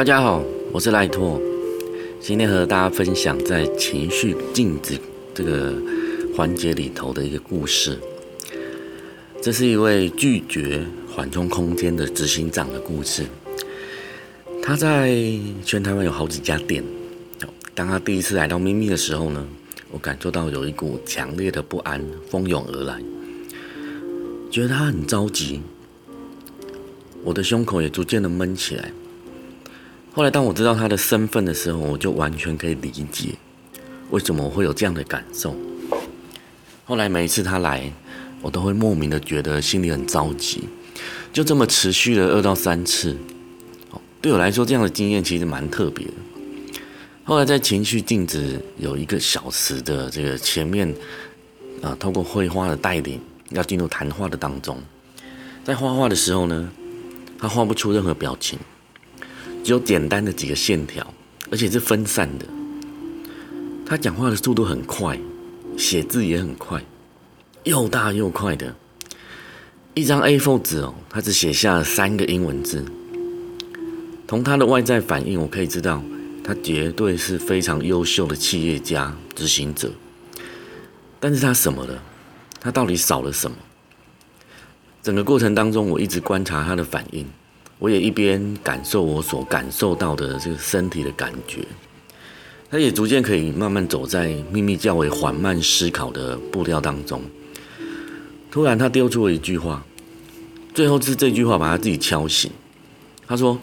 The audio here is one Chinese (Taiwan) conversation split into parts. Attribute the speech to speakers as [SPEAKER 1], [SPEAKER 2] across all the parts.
[SPEAKER 1] 大家好，我是賴拓。今天和大家分享在情緒鏡子這個環節裡頭的一個故事。這是一位拒絕緩衝空間的執行長的故事。他在全台灣有好幾家店。當他第一次來到祕謐的時候呢，我感受到有一股強烈的不安蜂擁而來，覺得他很着急。我的胸口也逐漸的悶起來。後來，當我知道他的身份的時候，我就完全可以理解，為什麼我會有這樣的感受。後來每一次他來，我都會莫名的覺得心裡很着急。就這麼持續了二到三次，對我來說這樣的經驗其實蠻特別的。後來在情緒鏡子有一個小時的這個前面，啊，透過繪畫的帶領要進入談話的當中，在畫畫的時候呢，他畫不出任何表情。只有簡單的幾個線條，而且是分散的。他講話的速度很快，寫字也很快，又大又快的。一張 A4 紙哦，他只寫下了三個英文字。從他的外在反應，我可以知道他絕對是非常優秀的企業家、執行者。但是他什麼了？他到底少了什麼？整個過程當中，我一直觀察他的反應。我也一邊感受我所感受到的這個身體的感覺，他也逐漸可以慢慢走在祕謐較為緩慢思考的步調當中。突然，他丟出了一句話，最後是這句話把他自己敲醒。他說：“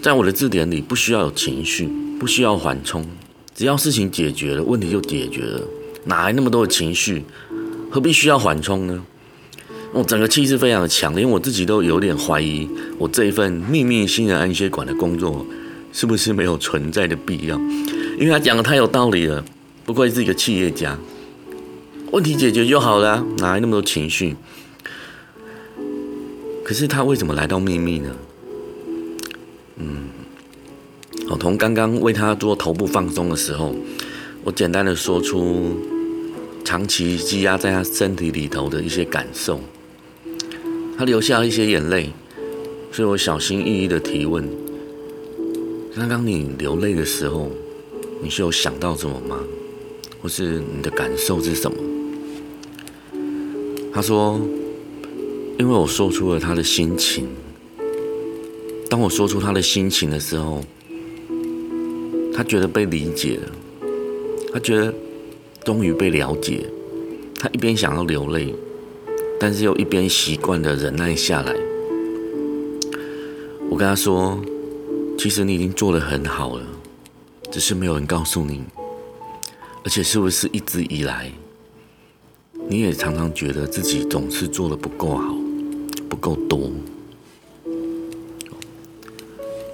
[SPEAKER 1] 在我的字典裡，不需要有情緒，不需要緩衝，只要事情解決了，問題就解決了，哪來那麼多的情緒？何必需要緩衝呢？”我、哦、整個氣勢非常的強，連我自己都有點懷疑，我這一份祕謐心人安歇館的工作是不是沒有存在的必要？因為他講的太有道理了，不愧是一個企業家。問題解決就好了，啊，哪來那麼多情緒？可是他為什麼來到祕謐呢？嗯，我從剛剛為他做頭部放鬆的時候，我簡單的說出長期積壓在他身體裡頭的一些感受。他流下了一些眼淚，所以我小心翼翼的提問：“那當你流淚的時候，你是有想到什麼嗎？或是你的感受是什麼？”他說：“因為我說出了他的心情。當我說出他的心情的時候，他覺得被理解了，他覺得終於被了解。他一邊想要流淚。”但是又一邊習慣的忍耐下來，我跟他說，其實你已經做得很好了，只是沒有人告訴你，而且是不是一直以來，你也常常覺得自己總是做得不夠好，不夠多。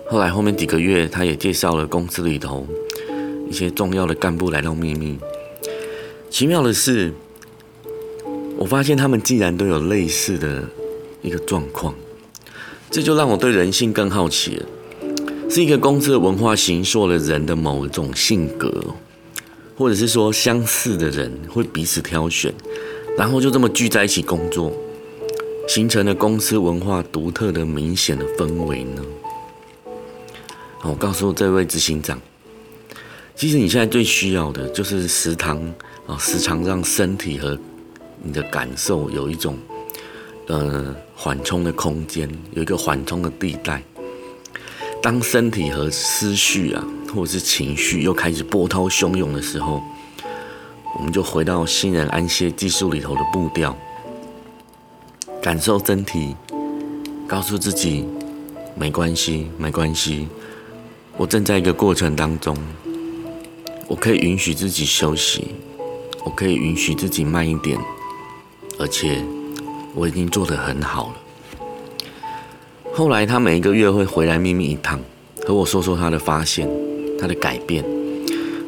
[SPEAKER 1] 後來後面幾個月，他也介紹了公司裡頭一些重要的幹部來到祕謐。奇妙的是，我發現他們竟然都有類似的一個狀況，這就讓我對人性更好奇了。是一個公司的文化形塑了人的某一種性格，或者是說相似的人會彼此挑選，然後就這麼聚在一起工作，形成了公司文化獨特的、明顯的氛圍呢。我告訴這位執行長，其實你現在最需要的，就是時常啊，時常讓身體和。你的感受有一種，呃，緩衝的空間，有一個緩衝的地帶。當身體和思緒啊，或者是情緒又開始波濤洶湧的時候，我們就回到心人安歇技術裡頭的步調，感受身體，告訴自己沒關係，沒關係，我正在一個過程當中，我可以允許自己休息，我可以允許自己慢一點。而且我已經做得很好了。後來他每一個月會回來祕謐一趟，和我說說他的發現、他的改變。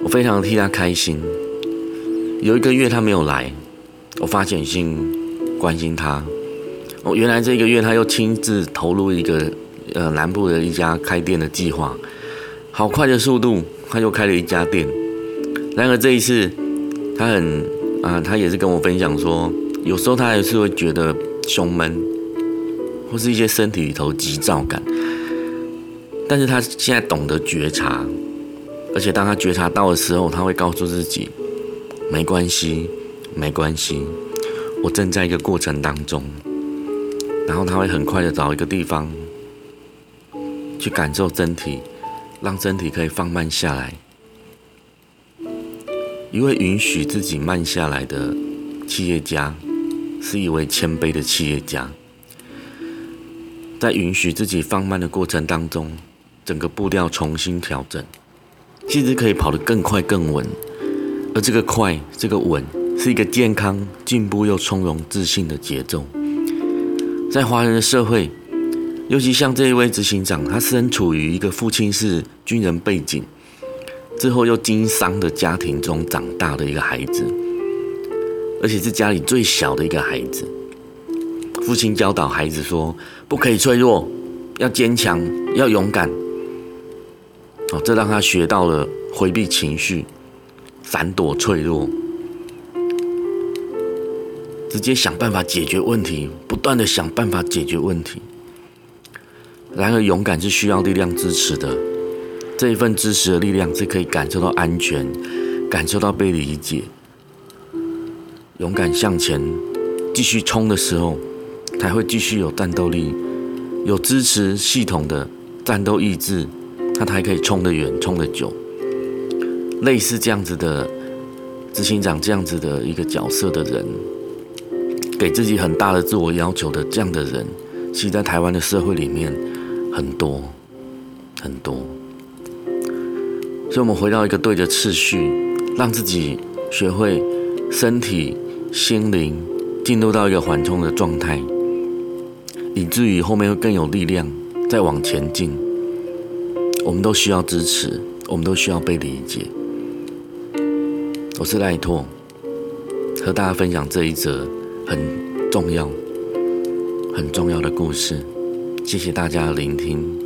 [SPEAKER 1] 我非常替他開心。有一個月他沒有來，我發訊息關心他。哦，原來這個月他又親自投入一個呃南部的一家開店的計劃，好快的速度，他就開了一家店。然而這一次，他很啊、呃，他也是跟我分享說。有時候他還是會覺得胸悶，或是一些身體裡頭急躁感，但是他現在懂得覺察，而且當他覺察到的時候，他會告訴自己，沒關係，沒關係，我正在一個過程當中，然後他會很快的找一個地方，去感受身體，讓身體可以放慢下來，一位允許自己慢下來的企業家。是一位謙卑的企業家，在允許自己放慢的過程當中，整個步調重新調整，其實可以跑得更快更穩。而這個快、這個穩，是一個健康、進步又從容自信的節奏。在華人的社會，尤其像這一位執行長，他身處於一個父親是軍人背景，之後又經商的家庭中長大的一個孩子。而且是家裡最小的一個孩子，父親教導孩子說：“不可以脆弱，要堅強，要勇敢。”哦，這讓他學到了回避情緒、閃躲脆弱，直接想辦法解決問題，不斷的想辦法解決問題。然而，勇敢是需要力量支持的，這一份支持的力量是可以感受到安全，感受到被理解。勇敢向前，繼續衝的時候，才會繼續有戰鬥力、有支持系統的戰鬥意志，他才可以衝得遠、衝得久。類似這樣子的執行長這樣子的一個角色的人，給自己很大的自我要求的這樣的人，其實，在台灣的社會裡面很多很多。所以，我們回到一個對的次序，讓自己學會身體。心靈進入到一個緩衝的狀態，以至於後面會更有力量再往前進。我們都需要支持，我們都需要被理解。我是賴拓，和大家分享這一則很重要、很重要的故事。謝謝大家的聆聽。